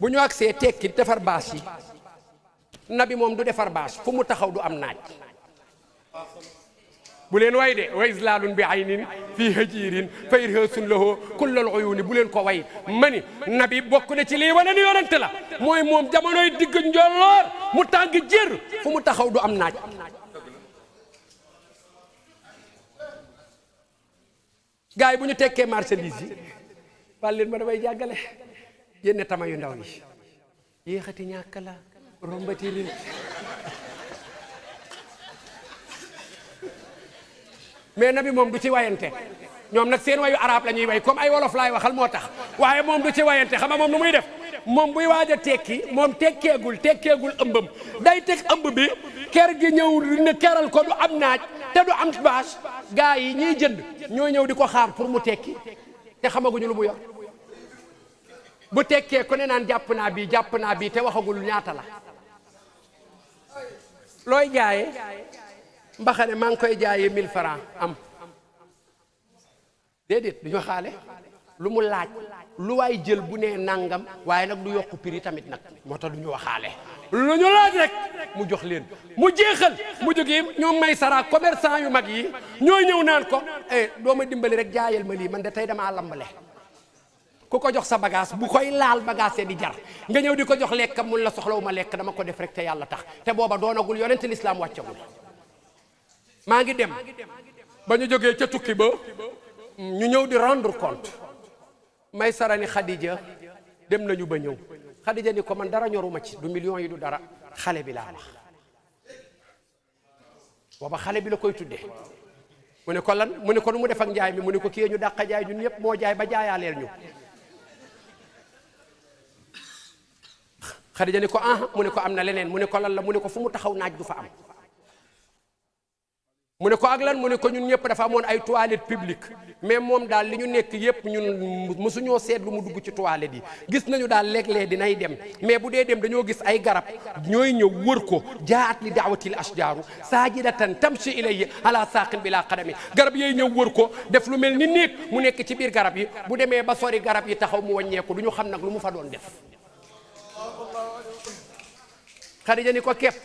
bu ñu agsee tekki defar baas yi nabi moom du defar baas fu mu taxaw du am naaj bu leen way de wa islaalun bi aynin fii hajiirin fa irhaasun lahu kullal uyuuni bu leen ko way mani nabi bokk na ci lii wane ni la mooy moom jamonoy digg njolloor mu tàng jër fu mu taxaw du am naaj gars yi bu ñu tekkee marchandise yi wàl ma damay jàggale yenn tama yu ndaw yi yéexati ñàkk la rombati réew mais nabi moom du ci wayante ñoom nag seen wayu arab la ñuy way comme ay wolof laay waxal moo tax waaye moom du ci wayante xam nga moom nu muy def moom buy waaja tekki moom tekkeegul tekkeegul ëmbam day teg ëmb bi ker gi ñëw ne keral ko du am naaj te du am bâche gars yi ñiy jënd ñoo ñëw di ko xaar pour mu tekki te xamaguñu lu mu bu tekkee ku ne naan jàpp naa bii jàpp naa bii te waxagul ñaata la looy jaaye mbaxane maa ngi koy jaayee 1000 francs am déedéet du ñu xaale lu mu laaj lu waay jël bu ne nangam waaye nag du yokk prix tamit nag moo tax du ñu waxaale lu ñu laaj rek mu jox leen mu jeexal mu jógee ñoom may sara commerçant yu mag yi ñoo ñëw naan ko eh doo ma dimbali rek jaayal ma lii man de tey damaa lambale ku ko jox sa bagaas bu koy laal bagaasee di jar nga ñëw di ko jox lekkam mun la soxlawuma lekk dama ko def rek te yàlla tax te booba doonagul yonent lislaam wàccagul maa ngi dem ba ñu jogee ca tukki ba ñu ñëw di rendre compte may sara ni Khadija dem nañu ba ñëw Khadija ni ko man dara ñoruma ci du millions yi du dara xale bi laa wax booba xale bi la koy tuddee mu ne ko lan mu ne ko nu mu def ak njaay mi mu ne ko kii ñu dàq jaay ñun ñëpp moo jaay ba jaayaaleel ñu Xadija ne ko ah mu ne ko am na leneen mu ne ko lan la mu ne ko fu mu taxaw naaj du fa am mu ne ko ak lan mu ne ko ñun ñëpp dafa amoon ay toilettes publiques mais moom daal li ñu nekk yëpp ñun mësuñoo seet lu mu dugg ci toilettes yi gis nañu daal léeg-léeg dinay dem mais bu dee dem dañoo gis ay garab ñooy ñëw wër ko jaat li daawatil ashjaaru saajidatan tamshi ilayhi ala saaqin bila qadami garab yooyu ñëw wër ko def lu mel ni néeg mu nekk ci biir garab yi bu demee ba sori garab yi taxaw mu wàññeeku du ñu xam nag lu mu fa doon def Xadija ni ko kepp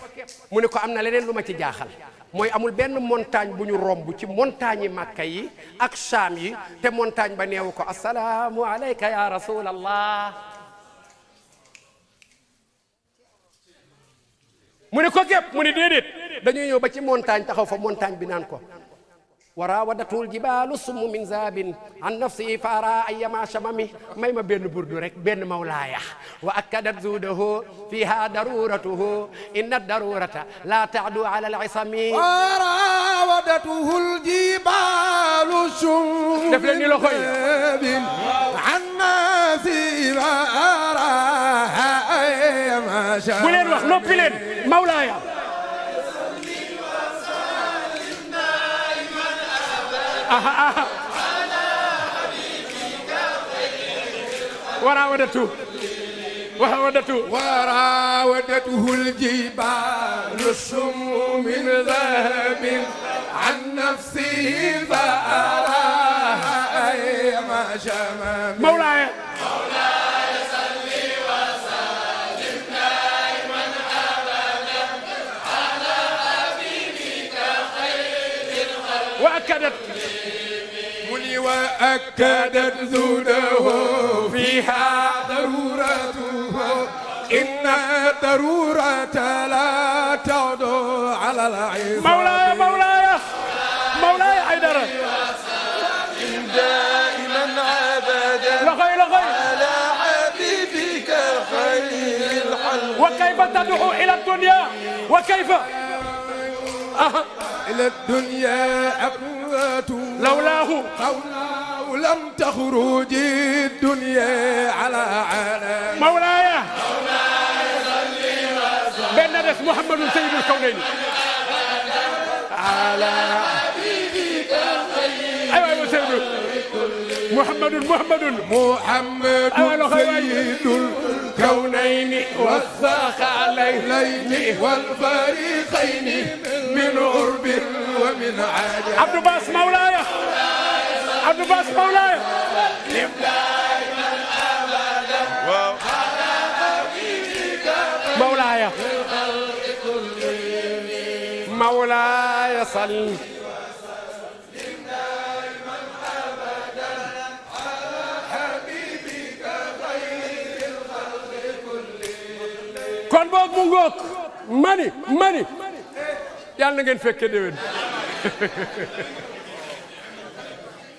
mu ne ko am na leneen lu ma ci jaaxal mooy amul benn montagne bu ñu romb ci montagne yi Makka yi ak Saam yi te montagne ba neewu ko assalaamu alayka ya rasulallah mu ne ko kepp mu ne déedéet dañuy ñëw ba ci montagne taxaw fa montagne bi naan ko waraawadatul jibaalu sumu min zaabin an nafsi faara ayyama shamami may ma benn burdu rek benn mawlaaya wa akkadat zuudahu fiha daruratuhu inna darurata la taadu ala alisami waraawadatul jibaalu sumu def leen ni loxo yi an nafsi faara ayyama shamami bu leen wax noppi leen mawlaaya وراودته وراودته وراودته الجبال السم من ذهب عن نفسه فأراها أيما شمام مولاي أكدت زوده فيها ضرورته إن الضرورة لا تعدو على العين مولاي مولاي مولاي حيدر دائما أبدا لغي لغي على حبيبك خير الخلق وكيف تدعو إلى الدنيا وكيف إلى الدنيا أقوات لولاه قولاه ولم تخرج الدنيا على عالم مولاي مولاي صلي وسلم بين ناس محمد سيد الكونين على حبيبك الخير ايوه ايوه سيد محمد محمد محمد سيد الكونين وسخ عليه والفريقين من عرب ومن عجب عبد باس مولاي Abdou Bass Mawlaaya waaw Mawlaaya Mawlaaya salli kon boog mu ngoog mani mani yàlla na ngeen fekke déwén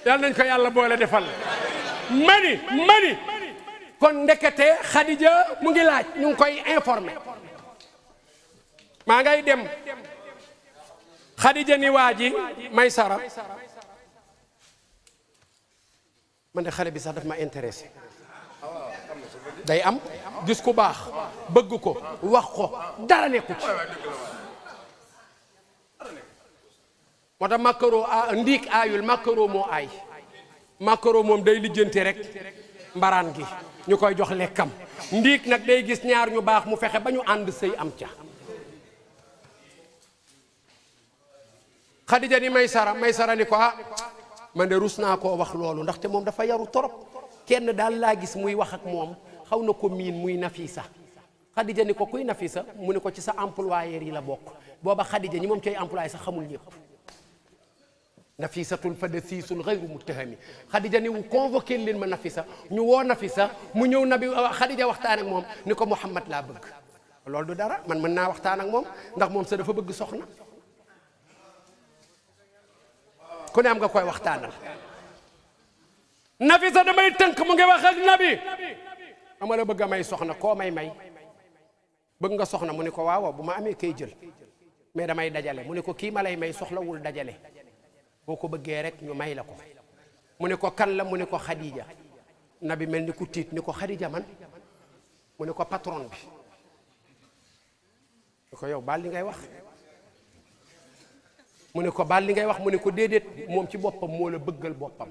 yal nañ ko yàlla boole defal mani mani kon ndekete Khadija mu ngi laaj ñu ngi koy informé maa ngay dem Khadija ni waa ji may sara man de xale bi sax daf ma intéressé day am gis ku baax bëgg ko wax ko dara nekku moo tax maquereau a ndiig aayul maquereau moo aay maquereau moom day lijjanti rek mbaraan gi ñu koy jox lekkam ndiig nag day gis ñaar ñu baax mu fexe ba ñu ànd sëy am ca Xadija ni Maysara Maysara ni ko ah man de rus naa koo wax loolu ndaxte moom dafa yaru torop kenn daal laa gis muy wax ak moom xaw na ko miin muy Nafisa Xadija ni ko kuy Nafisa mu ne ko ci sa employeur yi la bokk booba Xadija ñi moom cay employé sax xamul ñëpp nafisatun fa dasiisun xayru muttahami xadija ni wu convoqué leen ma nafisa ñu woo nafisa mu ñëw nabi xadija euh, waxtaan ak moom ni ko Muhammad laa bëgg loolu du dara man mën naa waxtaan ak moom ndax moom sa dafa bëgg soxna ku ne am nga koy waxtaanal nafisa damay tënk mu ngi wax ak nabi ama la bëgg a may soxna koo may may bëgg nga soxna mu ne ko waaw bu ma amee kay jël mais damay dajale mu ne ko kii ma lay may soxlawul dajale boo ko bëggee rek ñu may la ko mu ne ko kan la mu ne ko Khadija nabi mel ni ku tiit ni ko Khadija man mu ne ko patron bi ni ko yow baal li ngay wax mu ne ko baal li ngay wax mu ne ko déedéet moom ci boppam moo la bëggal boppam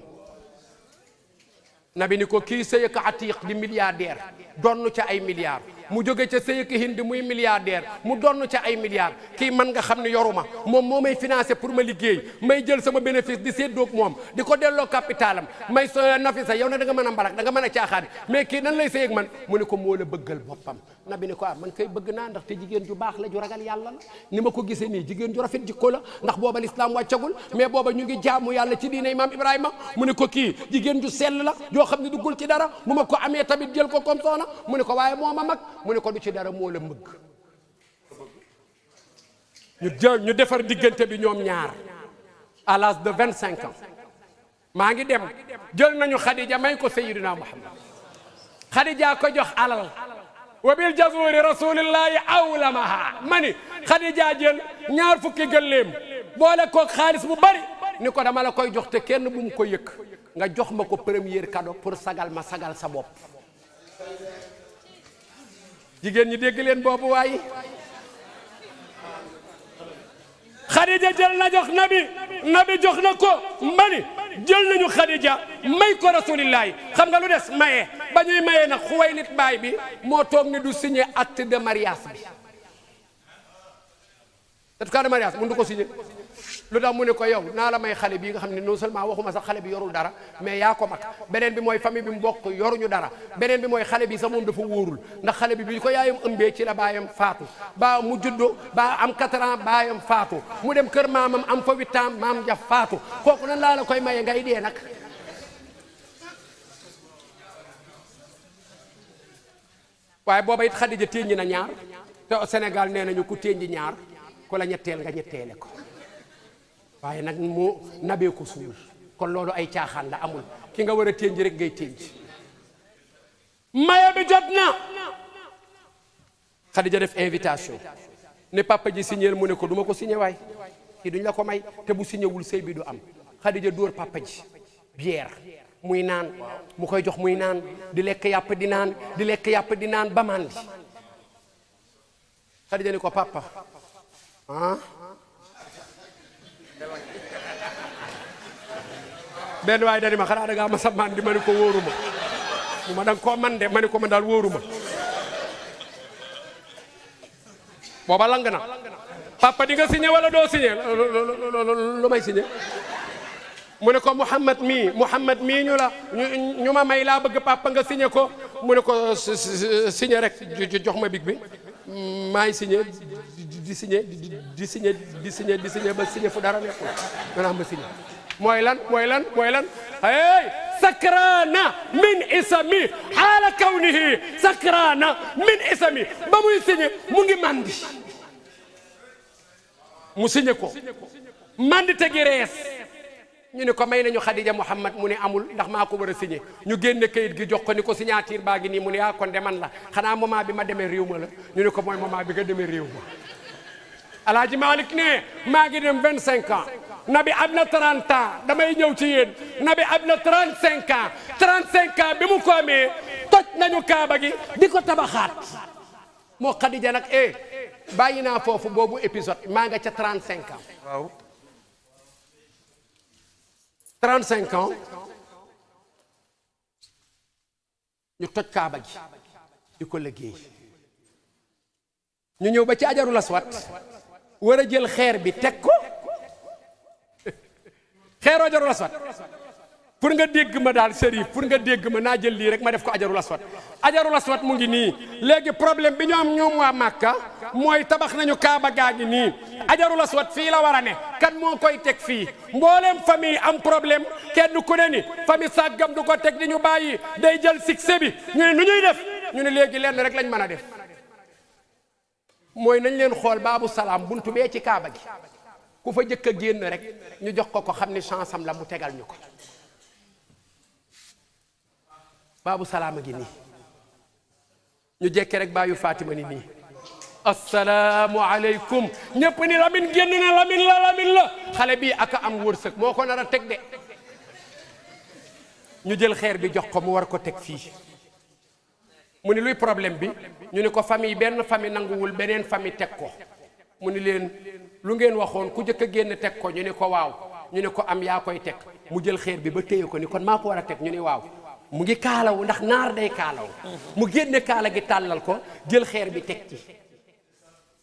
nabi ne ko kii sëy ak atiq di milliardaire donn ca ay milliar mu jóge ca sëyëki hindi muy milliardaire mu donn ca ay milliards kii man nga xam ne yoruma moom moo may financé pour ma liggéey may jël sama bénéfice di séddoog moom di ko delloo capitalam may so eh, nafisa yow na da nga mën a mbalak da nga mën a caaxaan mais kii nan lay sëyëg man mu ne ko moo la bëggal boppam na bi ne ko ah man koy bëgg naa ndax te jigéen ju baax la ju ragal yàlla la ni ma ko gisee nii jigéen ju rafet jikko la ndax booba lislaam wàccagul mais booba ñu ngi jaamu yàlla ci diine imaam ibrahima mu ne ko kii jigéen ju sell la joo xam ne duggul ci dara mu ma ko amee tamit jël ko comme soxna mu ne ko mu ne ko du ci dara moo la mbëgg ñu defar diggante bi ñoom ñaar à l'âge de vingt cinq ans maa ngi dem jël nañu Khadija may ko Seydina Muhammad Khadija ko jox alal wa bil jazuuri rasulillahi awlamaha ma ni Khadija jël ñaar fukki gëléem boole koog xaalis bu bari ni ko dama la koy jox te kenn bu mu ko yëkk nga jox ma ko premier kado pour sagal ma sagal sa bopp jigéen ñi dégg leen boobu waaye Khadija jël na jox nabi nabi jox na ko mbali jël nañu Khadija may ko rasulillahi xam nga lu des maye ba ñuy maye nag xuwaylit baay bi moo toog ne du signé acte de mariage bi certificat de mariage mun du ko signé lu tax mu ne ko yow naa la may xale bii nga xam ne non seulement waxuma sax xale bi yorul dara mais yaa ko mag beneen bi mooy famille bi mu bokk yoruñu dara beneen bi mooy xale bi sax moom dafa wóorul ndax xale bi bi ko yaayam ëmbee ci la baayam faatu baa mu juddoo baa am 4 ans baayam faatu mu dem kër maamam am fa 8 ans maam ja faatu kooku na laa la koy maye ngay dee nag waaye booba it Xadija téeñi na ñaar te Sénégal nee nañu ku téeñi ñaar ku la ñetteel nga ñetteele ko waaye nag mu nabee ko suul kon loolu ay caaxaan la amul ki nga war a ténj rek ngay ténj maye bi jot na Xadija def invitation ne papa ji signéel mu ne ko duma ko signé waay kii duñ la ko may te bu signé wul sëy bi du am Xadija dóor papa ji muy naan mu koy jox muy naan di lekk yàpp di naan di lekk yàpp di naan ba maan Xadija ne ko papa ah benn waaye dani ma xanaa da ngaa ma sa man di ma ko wóoruma mu ma da koo man de ma ne ko ma daal wóoruma booba lang na papa di nga signé wala doo signé lu may signé mu ne ko Mouhamad mii Mouhamad mii ñu la ñu ma may laa bëgg papa nga signé ko mu ne ko signé rek jox ma big bi maay signé di signé di signé ba signé fu dara nekkul maanaam ma signé mooy lan mooy lan mooy lan ay sakraana min isami xaala kawnihi sakraana min isami ba muy signé mu ngi mandi mu signé ko mandi te gi rees ñu ne ko may nañu Khadija Muhammad mu ne amul ndax maa ko war a signé ñu génne kayit gi jox ko ni ko signature baa ngi nii mu ne ah kon man la xanaa moment bi ma demee réew ma la ñu ne ko mooy moment bi ga demee réew ma Alaaji Malick maa ngi dem vingt cinq ans nabi am na 30 ans damay ñëw ci yéen nabi ab na 35 ans 35 ans bi mu ko toj nañu kaaba gi di ko tabaxaat moo Xadija nag eh bàyyi naa foofu boobu épisode maa nga ca 35 ans. waaw 35 ñu toj kaaba gi di ko liggéey ñu ñëw ba ci ajarul aswat war a jël xeer bi teg ko. xeeroo jarul aswat pour nga dégg ma daal sërif pour nga dégg ma naa jël lii rek ma def ko ajarul aswat ajarul aswat mu ngi nii léegi problème bi ñu am ñoom waa Màkka mooy tabax nañu kaaba gaa ngi nii ajarul aswat fii la war a ne kan moo koy teg fii mbooleem famille am problème kenn ku ne ni famille sàggam du ko teg di ñu bàyyi day jël succès bi ñu ne nu ñuy def ñu ne léegi lenn rek lañ mën a def mooy nañ leen xool baabu salaam bunt bee ci kaaba gi ku fa jëkk a génn rek ñu jox ko ko xam ni chance am la mu tegal ñu ko baabu salaama gi nii ñu jekke rek baayu Fatima ni nii asalaamu aleykum ñépp ni Lamine génn na Lamine la Lamine la xale bii aka am wërsëg moo ko nar a teg de ñu jël xeer bi jox ko mu war ko teg fii mu ni luy problème bi ñu ni ko famille benn famille nanguwul beneen famille teg ko mu ni leen lu ngeen waxoon ku jëkk a génn teg ko ñu ni ko waaw ñu ne ko am yaa koy teg mu jël xeer bi ba téye ko ni kon maa ko war a teg ñu ni waaw mu ngi kaalawu ndax naar day kaalaw mu génne kaala gi tàllal ko jël xeer bi teg ci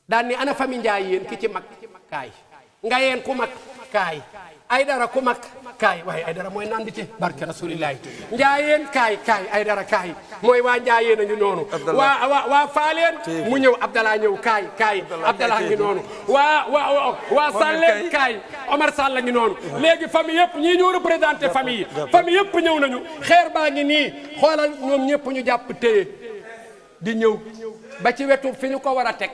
daan ni ana fami njaay yéen ki ci mag kaay nga yeen ku mag kaay ay dara ku mag kaay waaye ay dara mooy nandite barke rasulillahi njaayeen kaay kaay ay dara kaay mooy waa njaayeen a ngi noonu waa waa waa faaleen mu ñëw abdalaa ñëw kaay kaay a ngi noonu waa waa waa salleen kaay omar sall a ngi noonu léegi famille yëpp ñii ñoo représenté famille yi famille yëpp ñëw nañu xeer baa ngi nii xoolal ñoom ñëpp ñu jàpp téye di ñëw ba ci wetu fi ñu ko war a teg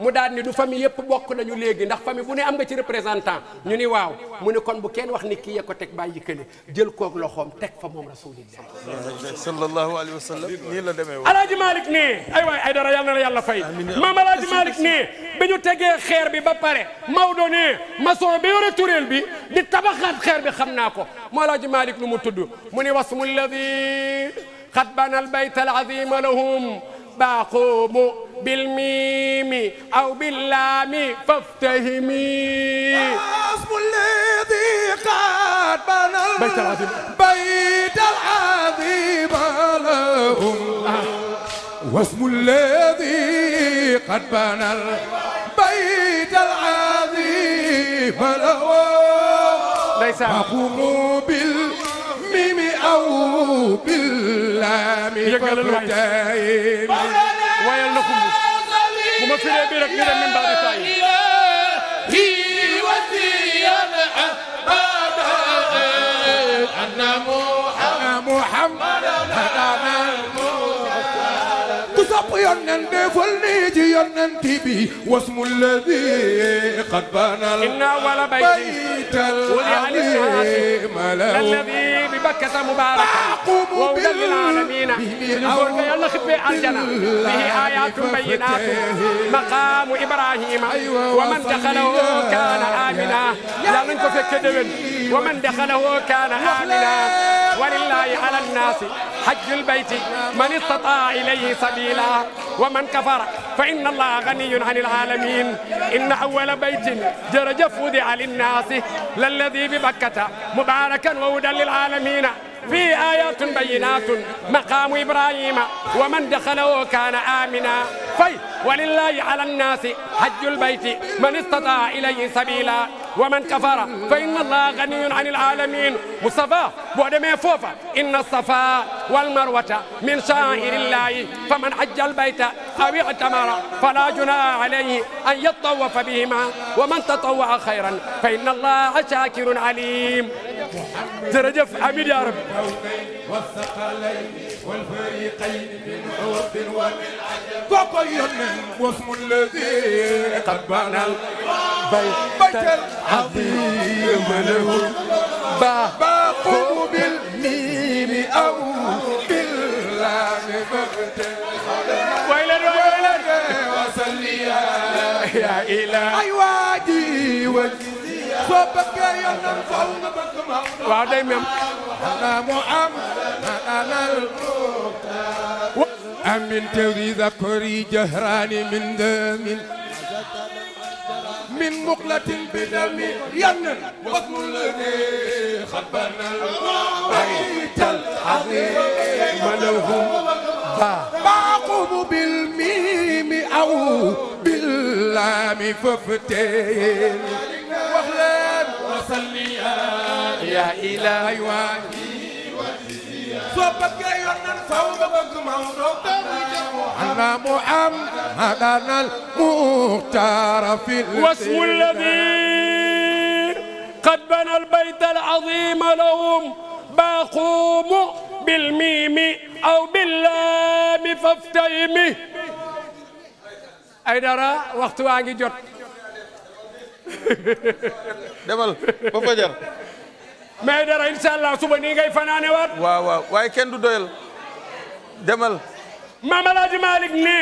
mu daal ni du famille yëpp bokk nañu léegi ndax famille bu ne am nga ci représentant ñu ni waaw mu ne kon bu kenn wax ni kii ko teg bàyyi kële jël koog loxoom teg fa moom rasulillah sallallahu alayhi wa sallam nii la demee woon alaaji malik ne ay waay ay dara yàlla na la yàlla fay maam alaaji malik ne bi ñu tegee xeer bi ba pare Maodo ne maçon bi yore turéel bi di tabaxaat xeer bi xam naa ko mu alaaji malik nu mu tudd mu ni wasmu alladi xad bana albayta alazima lahum باقوم بالميم أو باللام فافتهمي اسم الذي قد بنى البيت العظيم بيت العظيم لهم واسم الذي قد بنى البيت العظيم لهم ليس أقوم بالميم أو بالله مفتاين ويا لكم وما في ربيرك من من بعد تاين هي وزيا أبدا أن محمد محمد أنا تصب ينن بفلني ينن تبي واسم الذي قد بنى إن أول بيت العليم له ببكة مباركة وهدى للعالمين سنزورك يلا خبي الجنة به آيات بينات مقام إبراهيم ومن دخله كان آمنا يا ننكو في الكدبن ومن دخله كان آمنا ولله على الناس حج البيت من استطاع إليه سبيلا ومن كفر فإن الله غني عن العالمين إن أول بيت جرجف وضع للناس للذي ببكة مباركا وهدى للعالمين فيه آيات بينات مقام إبراهيم ومن دخله كان آمنا في ولله على الناس حج البيت من استطاع إليه سبيلا wa man kafara fa inna allaha ganiyun anil alamin Mustafa boo demee foofa inna safa wal marwata min sha'irillahi fa man hajja al bayta aw i'tamara fala junaha alayhi an yattawafa bihima wa man tatawwa'a khayran fa inna allaha shakirun alim jërëjëf amiin yaa rabbi kooku yónneen wasmu lazi qad banal baytal azim lahu baqu bil miim aw bil laam waylan waylan wasalli yaa ilaahi soo bëggee yoon nan faaw nga bëgg ma waaw day mem xanaa moo am xanaanal amin tewri zakori jahraani min damin min muqlatin bidami yannan wasmul ladi xabanal baytal azima lahum باقم بالميم أو باللام فافتين وصلي يا إلهي وحدي وحدي صوبك يونان صوبك موضوع على محمد أنا المختار في واسم الذي قد بنى البيت العظيم لهم باقوم بالميم أو باللام فافتهمه أي درا وقت واجي جد demal ba fajar mais dara incha suba nii ngay fanaane waat waaw waaye kenn du doyal demal Maam Alaaji Malick ne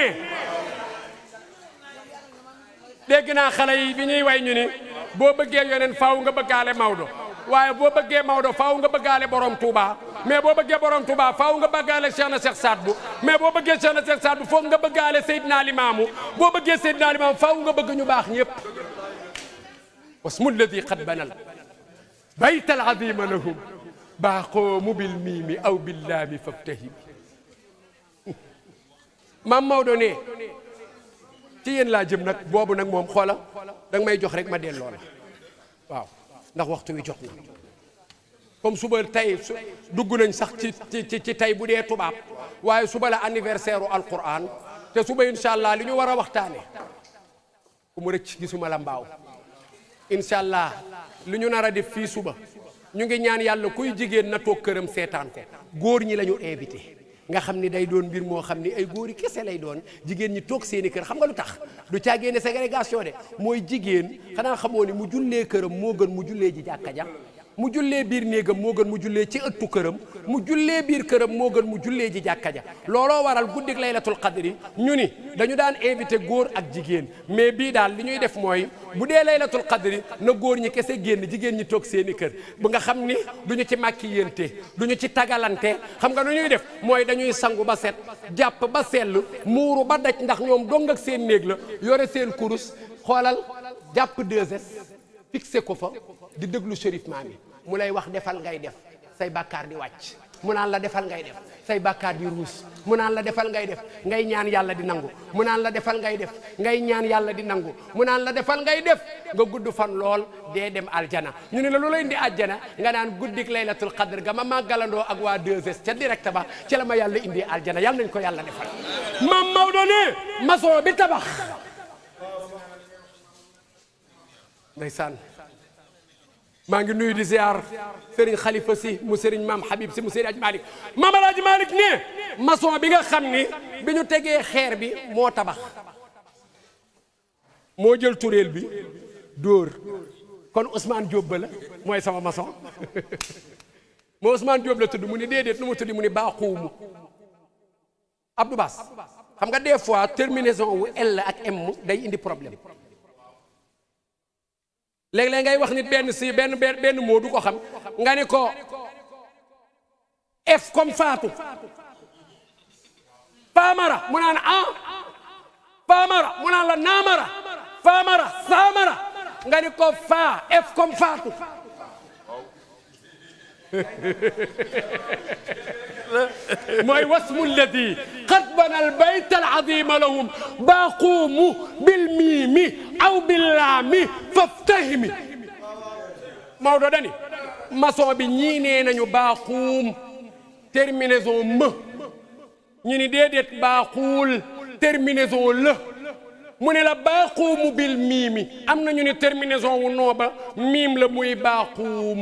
dégg yi bi ñuy way ñu ni boo bëggee yoneen faaw nga bëggaale Maodo waaye boo bëggee Maodo faaw nga bëggaale borom Touba mais boo bëggee borom Touba faaw nga bëggaale Cheikh na Cheikh Saad Bou mais boo bëggee Cheikh na Cheikh Saad foog nga bëggaale Seydina Limaamu boo bëggee Seydina Limaamu faaw nga bëgg ñu baax ñëpp واسم الذي قد بنى البيت العظيم لهم باقوم بالميم أو باللام فابتهم maam Maodo ne ci yéen laa jëm nag boobu nag moom xoola danga may jox rek ma delloo la waaw ndax waxtu wi jot na comme suba tey dugg nañ sax ci ci tey bu dee tubaab waaye suba la anniversaire u alquran te suba incha allah li ñu war a waxtaane ku mu rëcc gisuma la mbaaw incha allah lu ñu nar a def fii suba ñu ngi ñaan yàlla kuy jigéen na toog këram seetaan ko góor ñi lañu ñu invité nga xam ni day doon mbir moo xam ni ay góor yi kese lay doon jigéen ñi toog seeni kër xam nga lu tax du caagee ne ségrégation de mooy jigéen xanaa xamoo ni mu jullee këram moo gën mu jullee ji jàkka ja mu jullee biir néegam moo gën mu jullee ci ëttu këram mu jullee biir këram moo gën mu jullee ji jàkka ja looloo waral guddik laylatul qadri ñu ni dañu daan invité góor ak jigéen mais bii daal li ñuy def mooy bu dee laylatul qadri na góor ñi kese génn jigéen ñi toog seeni kër bu nga xam ni ñu ci du ñu ci tagalante xam nga nu ñuy def mooy dañuy sangu ba set jàpp ba sell muuru ba daj ndax ñoom dong ak seen néeg la yore seen kurus xoolal jàpp 2S fixé ko di déglu Chérif Maami mu lay wax defal ngay def say bakkaar di wàcc mu naan la defal ngay def say bàkkaar di ruus mu naan la defal ngay def ngay ñaan yàlla di nangu mu naan la defal ngay def ngay ñaan yàlla di nangu mu naan la defal ngay def nga gudd fan lool dee dem aljana ñu ne la lu lay indi aljana nga naan guddik laylatul qadr ga ma màggalandoo ak waa 2S ca direct ba ci la ma yàlla indi aljana yàlla nañ ko yàlla defal maam Maodo ne maçon bi tabax maa ngi nuyu di ziar Serigne Khalifa si mu Serigne maam Habib si mu Serigne Aji Malick maam Alaaji Malick ne maçon bi nga xam ni bi ñu tegee xeer bi moo tabax moo jël turéel bi dóor kon Ousmane Diop ba mooy sama maçon moo Ousmane Diop la tudd mu ni déedéet nu mu tudd mu ni baaxuumu Abdou Bass xam nga des fois terminaison wu L ak M day indi problème léeg-léeg ngay wax nit benn si benn benn moo du ko xam nga ni ko f comme Fatou Pamara mu naan ah Pamara mu naan la nga ni ko Faa f comme Fatou mooy wasmu alladi xatbana albayt alazima lahum baaquumu bilmiimi aw billaami faftahimi Maodo dani maçon bi ñii nee nañu baaxuum terminaison më ñu ni déedéet baaxuul terminaison la mu ne la baaxuumu bil miimi am na ñu ne terminaison wu noo ba miim la muy baaxuum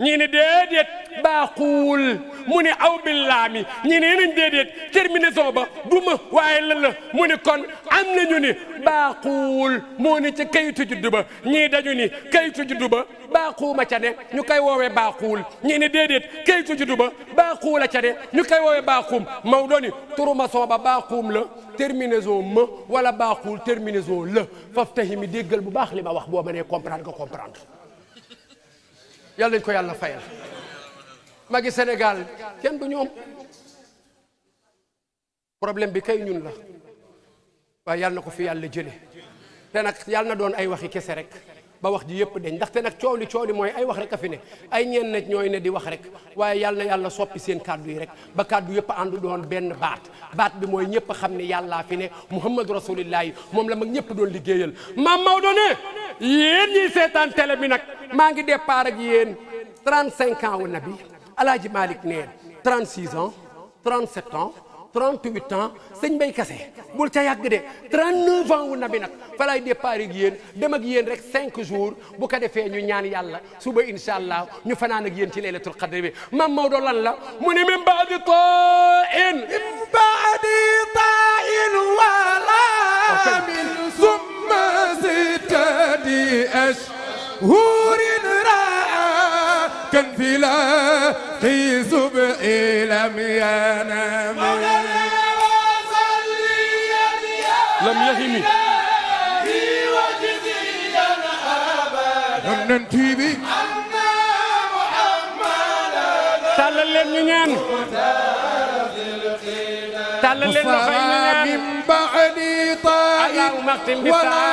ñii ne déedéet baaxuul mu ne aw billaami ñii ne nañ déedéet terminaison ba du ma waaye lan la mu ne kon am nañu ni baaxuul moo ne ca kayitu juddu ba ñii dañu ni kayitu juddu ba baaxuuma ca ne ñu koy woowee baaxuul ñii ne déedéet kayitu juddu ba baaxuula ca ne ñu koy woowee baaxuum Maodo ni turumason ba baaxuum la terminaison ma wala baaxuul terminaison la faf taxi mi déggal bu baax li ma wax boo ma nee comprendre nga comprendre yàlla nañu ko yàlla fayal magi Sénégal kenn du ñoom problème bi kay ñun la waaye yàlla na ko fi yàlla jële te nag yàlla na doon ay waxi kese rek ba wax ji yëpp deñ ndaxte nag coow li coow li mooy ay wax rek a fi ne ay ñeen ñooy ne di wax rek waaye yàlla na yàlla soppi seen kàddu yi rek ba kàddu yëpp àndu doon benn baat baat bi mooy ñëpp xam ne yàllaa fi ne muhammadu rasulillahi moom la mag ñëpp doon liggéeyal maam Maodo ne yéen ñiy seetaan télé bi nag maa ngi départ ak yéen 35 ans wu nabi alaaji Malick neen 36 ans 37 ans 38 ans sëñ Mbaye Kassé bul ca yàgg de 39 ans na bi nag fa lay départ ak yéen dem ak yéen rek 5 jours bu ko defee ñu ñaan yàlla suba incha allah ñu fanaan ak ci laylatul qadr bi mam Maodo lan la mu ne min baadi tain min baadi tain wala min summa sittati ashhurin raa kan fi la fi subhi lam yonent bi tàllal leen ñu ñaan tàllal leen loxo yi ñu ñaan min ba'di ta'ib wala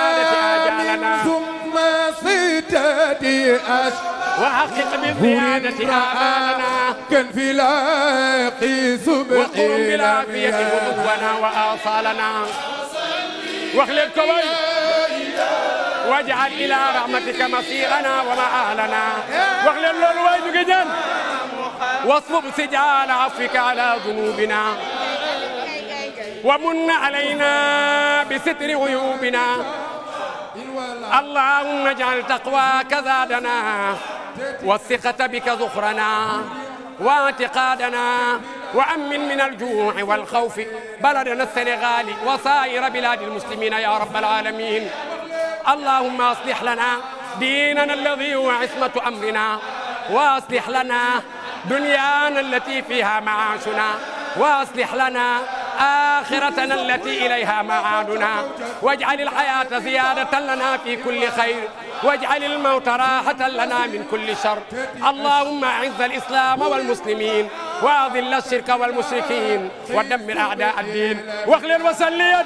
min summa sitati as وحقق بالزيادة آمالنا كانفلاق سبحنا وقرم بالعافية غدونا وآصالنا واخلق كوي واجعل إلى رحمتك مصيرنا ومآلنا واغلل للوين جدا واصبب سجال عفوك على ذنوبنا ومن علينا بستر عيوبنا اللهم اجعل تقواك زادنا والثقة بك ذخرنا واعتقادنا وأمن من الجوع والخوف بلدنا السنغالي وسائر بلاد المسلمين يا رب العالمين اللهم اصلح لنا ديننا الذي هو عصمة أمرنا واصلح لنا دنيانا التي فيها معاشنا واصلح لنا آخرتنا التي إليها معادنا واجعل الحياة زيادة لنا في كل خير واجعل الموت راحة لنا من كل شر اللهم أعز الإسلام والمسلمين وأذل الشرك والمشركين ودمر أعداء الدين واخلر وسلم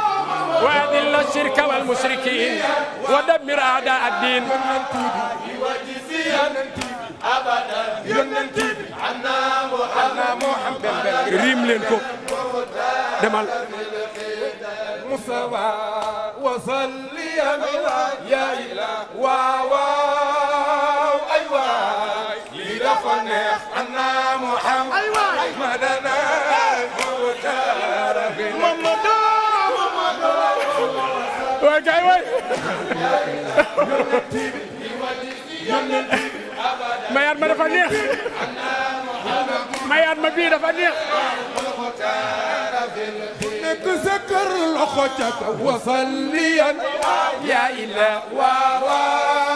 وأذل الشرك والمشركين ودمر أعداء الدين أبدا يننتي عنا محمد ريم لنكو دمال مستوى وصلي يا إله واو أيوة لدفنه عنا waay gaay waay mayaat ma dafa neex mayaat ma bii dafa neex تذكر الأخوة وصليا يا إله ورا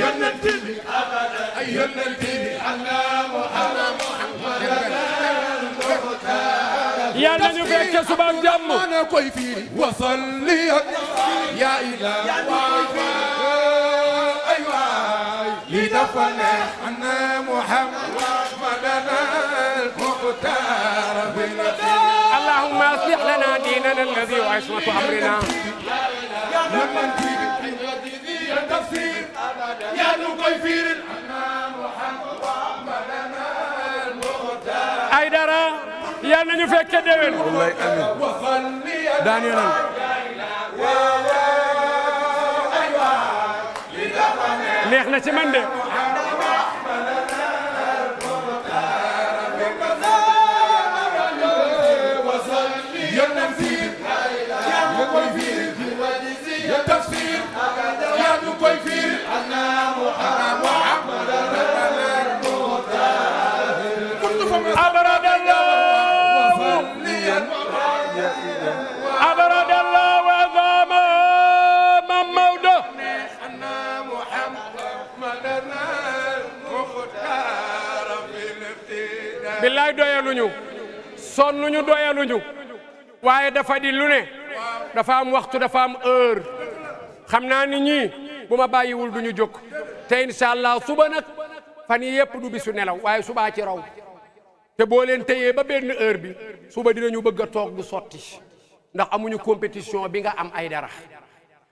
yonent bi abada ay yonent bi anna muhammad yàlla ñu fekk suba ak jàmm na koy firi wasalli ya ilah ay waay li dafa neex anna muhammad اللهم اصلح لنا ديننا الذي هو عصمة امرنا ay dara yal nañu fekke déwén. wallaay amiin daan yoonal. neex na ci man de. billaay doyaluñu sonnuñu doyaluñu waaye dafa di lu ne dafa am waxtu dafa am heure xam naa ni ñii bu ma bàyyiwul du ñu jóg te incha allah suba nag fan yi yëpp du bisu nelaw waaye subaa ci raw te boo leen téyee ba benn heure bi suba dinañu bëgg a toog du sotti ndax amuñu compétition bi nga am ay dara.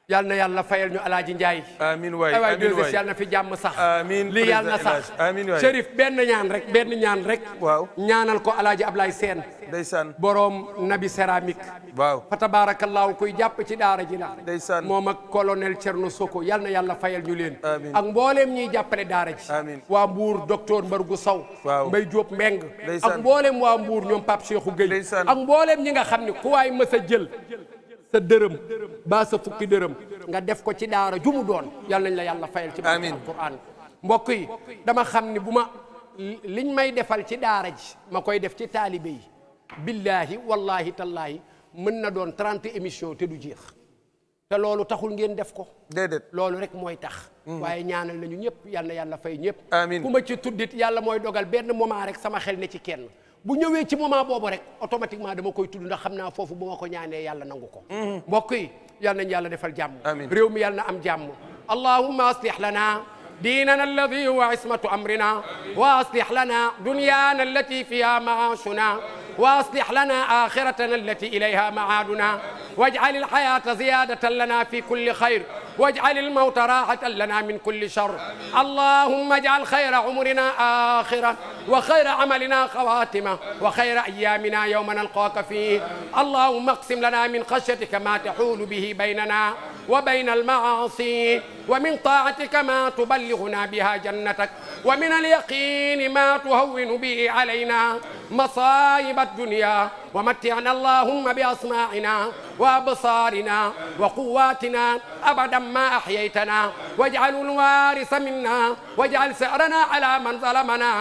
yal na yàlla fayal ñu alaaji Njaay amiin waay amiin waay na fi jàmm sax amiin li yal benn ñaan rek benn ñaan rek waaw ñaanal ko alaaji Ablaay Seen ndeysaan boroom nabi céramique waaw fa tabaarakallaahu koy jàpp ci daara ji la ndeysaan moom ak colonel Cerno Soko yal na yàlla fayal ñu leen ak mbooleem ñiy jàppale daara ji amiin waa Mbuur docteur Mbargu Saw waaw Mbay Jóob Mbeng ak mbooleem waa Mbuur ñoom Pape Cheikhou Gueye ak mbooleem ñi nga xam ne ku waay mës a jël sa dërëm baa sa fukki dërëm nga def ko ci daara ju mu doon yàlla nañ la yàlla fayal ci barke alquran mbokk yi dama xam ni bu ma liñ may defal ci daara ji ma koy def ci taalibe yi billaahi wallaahi tallaahi mën na doon trente émission te du jeex te loolu taxul ngeen def ko déedéet loolu rek mooy tax hmm. waaye ñaanal lañu ñëpp yal na yàlla fay ñëpp amiin ku ma ci tuddit yàlla mooy dogal benn moment rek sama xel ne ci kenn bu ñëwee ci moment boobu rek automatiquement dama koy tudd ndax xam naa foofu bu ma ko ñaanee yàlla nangu ko mhm. mbokk yi yal nañ yàlla defal jàmm réew mi yàlla na am jàmm allahumma aslih lana diinana alladi huwa ismatu amrina wa aslih lana dunyaana allati fiha maashuna wa aslih lana axiratana allati ilayha maaduna واجعل الحياة زيادة لنا في كل خير واجعل الموت راحة لنا من كل شر اللهم اجعل خير عمرنا آخرة وخير عملنا خواتمة وخير أيامنا يوم نلقاك فيه اللهم اقسم لنا من خشيتك ما تحول به بيننا وبين المعاصي ومن طاعتك ما تبلغنا بها جنتك ومن اليقين ما تهون به علينا مصائب الدنيا ومتعنا اللهم بأسماعنا وأبصارنا وقواتنا أبدا ما أحييتنا واجعل الوارث منا واجعل سأرنا على من ظلمنا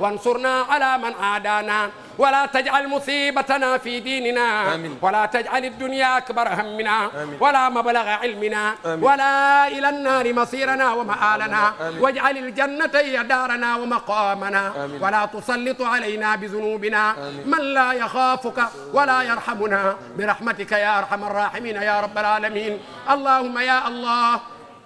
وانصرنا على من عادانا ولا تجعل مصيبتنا في ديننا آمين. ولا تجعل الدنيا أكبر همنا آمين. ولا مبلغ علمنا آمين. ولا إلى النار مصيرنا ومآلنا واجعل الجنة هي دارنا ومقامنا ولا تسلط علينا بذنوبنا من لا يخافك ولا يرحمنا برحمتك يا أرحم الراحمين يا رب العالمين اللهم يا الله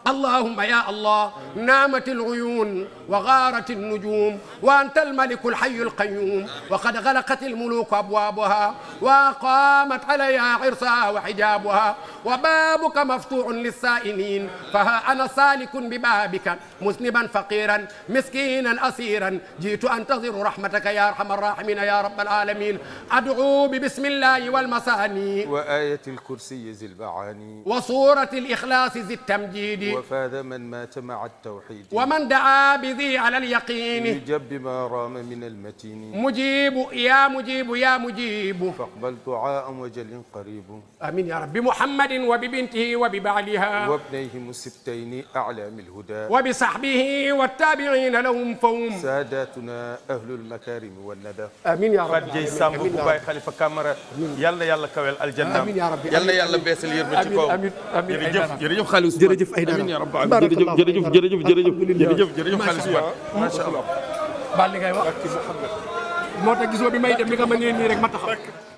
اللهم يا الله نامت العيون وغارت النجوم وأنت الملك الحي القيوم وقد غلقت الملوك أبوابها وقامت عليها حرسها وحجابها wa baabuka maftuhun lissaa'iliin faha ana saalikun bi baabika musniban faqiran miskinan asiran jiitu antaziru rahmataka ya arhama arrahimina ya rabbal alamin ad'u bi bismillahi wal masaani wa ayatil kursiyyi zil baani wa suuratil ikhlaasi zit tamjiidi wa faada man maata ma'a at-tawhiid wa man da'aa bidhi ala al-yaqiin yujab bimaa raama min al-matiin mujiibu ya mujiibu ya mujiibu faqbal du'aa wajalin qariib amin ya rabbi Muhammad محمد وببنته وببعلها وابنيهم الستين أعلام الهدى وبصحبه والتابعين لهم فهم ساداتنا أهل المكارم والندى آمين يا رب العالمين سامبو باي خليفة كاميرا يلا يلا كويل الجنة آمين يا رب يلا يلا بيس اللي يربط كوم آمين آمين جرجف جرجف خالص جرجف آمين يا رب جرجف جرجف جرجف جرجف جرجف خالص ما شاء الله baal li ngay wax moo tax gisoo bi may dem li nga ma ngeen nii rek ma taxaw